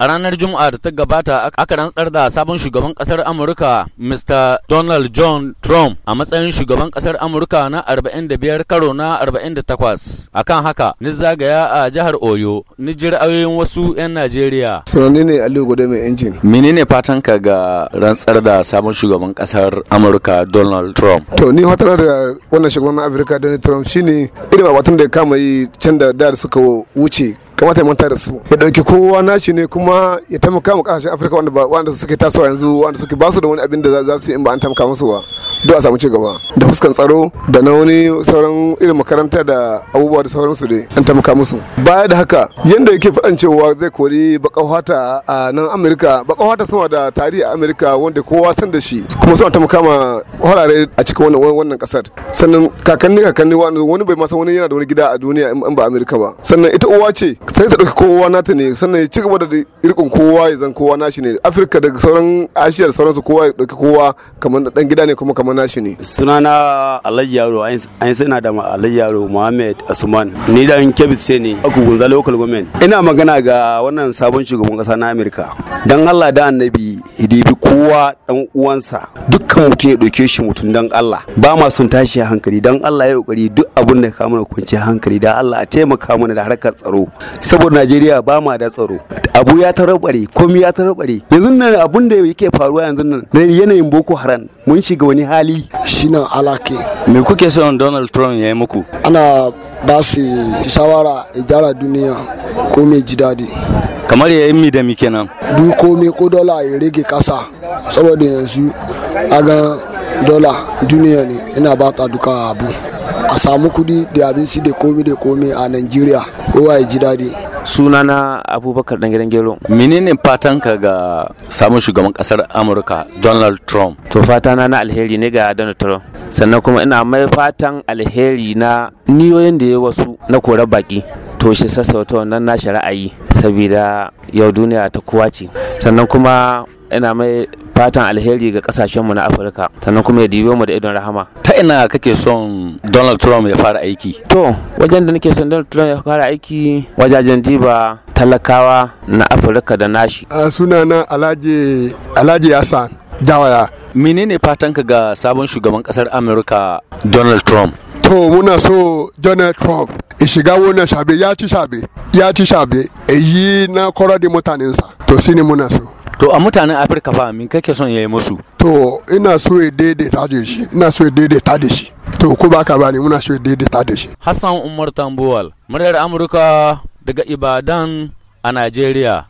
A ranar Juma'a da ta gabata aka rantsar da sabon shugaban kasar Amurka Mr. Donald John Trump a matsayin shugaban kasar Amurka na 45 karo na 48. Akan haka, ni zagaya a jihar Oyo, ni jira'ayoyin wasu 'yan Najeriya. Sananne ne Aliyu Gode mai injin. ne fatan ka ga rantsar da sabon shugaban kasar Amurka Donald Trump? To ni hotar da wannan shugaban Amurka Donald Trump shine irin abatun da ya kama yi can da da suka wuce kamata ya manta da su ya dauki kowa nashi ne kuma ya taimaka ma kasashen afirka wanda ba wanda suke tasowa yanzu wanda suke basu da wani abin da za su yi in ba an taimaka musu ba duk a samu ci gaba da fuskan tsaro da na wani sauran irin makaranta da abubuwa da sauransu ne an taimaka musu baya da haka yanda yake faɗan cewa zai kori baka hata a nan amurka baka hata suna da tarihi a amurka wanda kowa san da shi kuma suna taimaka ma horare a cikin wannan kasar sannan kakanni kakanni wani bai masa wani yana da wani gida a duniya in ba amurka ba sannan ita uwa ce sai ta ɗauki kowa nata ne sannan ya ci gaba da irkin kowa ya zan kowa nashi ne afirka da sauran ashiya da sauransu kowa ya ɗauki kowa kamar ɗan gida ne kuma kamar nashi ne sunana alayyaro an na da alayyaro muhammad asuman ni dan sai ne aku gunza local government ina magana ga wannan sabon shugaban ƙasa na amurka dan allah da annabi hidibi kowa dan uwansa dukkan mutum ya ɗauke shi mutum dan allah ba ma sun tashi hankali dan allah ya yi ƙoƙari duk abin da ka mana kwanciyar hankali da allah a taimaka mana da harkar tsaro saboda najeriya ba ma da tsaro abu ya tarabare komai ya tarabare yanzu nan abun da yake faruwa yanzu nan yanayin boko haram mun shiga wani hali shinan alake me kuke son donald trump ya yi muku ana ba su shawara gyara duniya ko mai ji daɗi kamar ya yi da mi kenan duk komai ko dola ya rage kasa saboda yanzu a ga dola duniya ne ina ba ta duka abu a samu kudi da abinci da komi da komi a Najeriya kowa ya ji daɗi. Sunana Abubakar dan gidan Gero. Menene ka ga samun shugaban kasar Amurka Donald Trump? To fatana na alheri ne ga Donald Trump. Sannan kuma ina mai fatan alheri na niyoyin da ya wasu na kora baki. To shi sassauta wannan nashi ra'ayi saboda yau duniya ta kowa ce. Sannan kuma ina mai fatan alheri ga kasashenmu na afirka sannan kuma ya dibe mu da idon rahama ta ina kake son donald trump ya fara aiki to wajen da nake son donald trump ya fara aiki wajajen diba talakawa na afirka da nashi a sunana alhaji alhaji yasan jawaya menene fatanka ga sabon shugaban kasar amurka donald trump to muna so donald trump shiga wannan shabe ya ci shabe ya ci shabe yi na koro da mutanensa to shine muna so to a mutanen afirka fa min kake son ya yi musu to ina so ya daidaita da shi ina so ya daidaita da shi to ko baka bani muna so ya daidaita da shi hassan umar tambuwal muryar amurka daga ibadan a nigeria.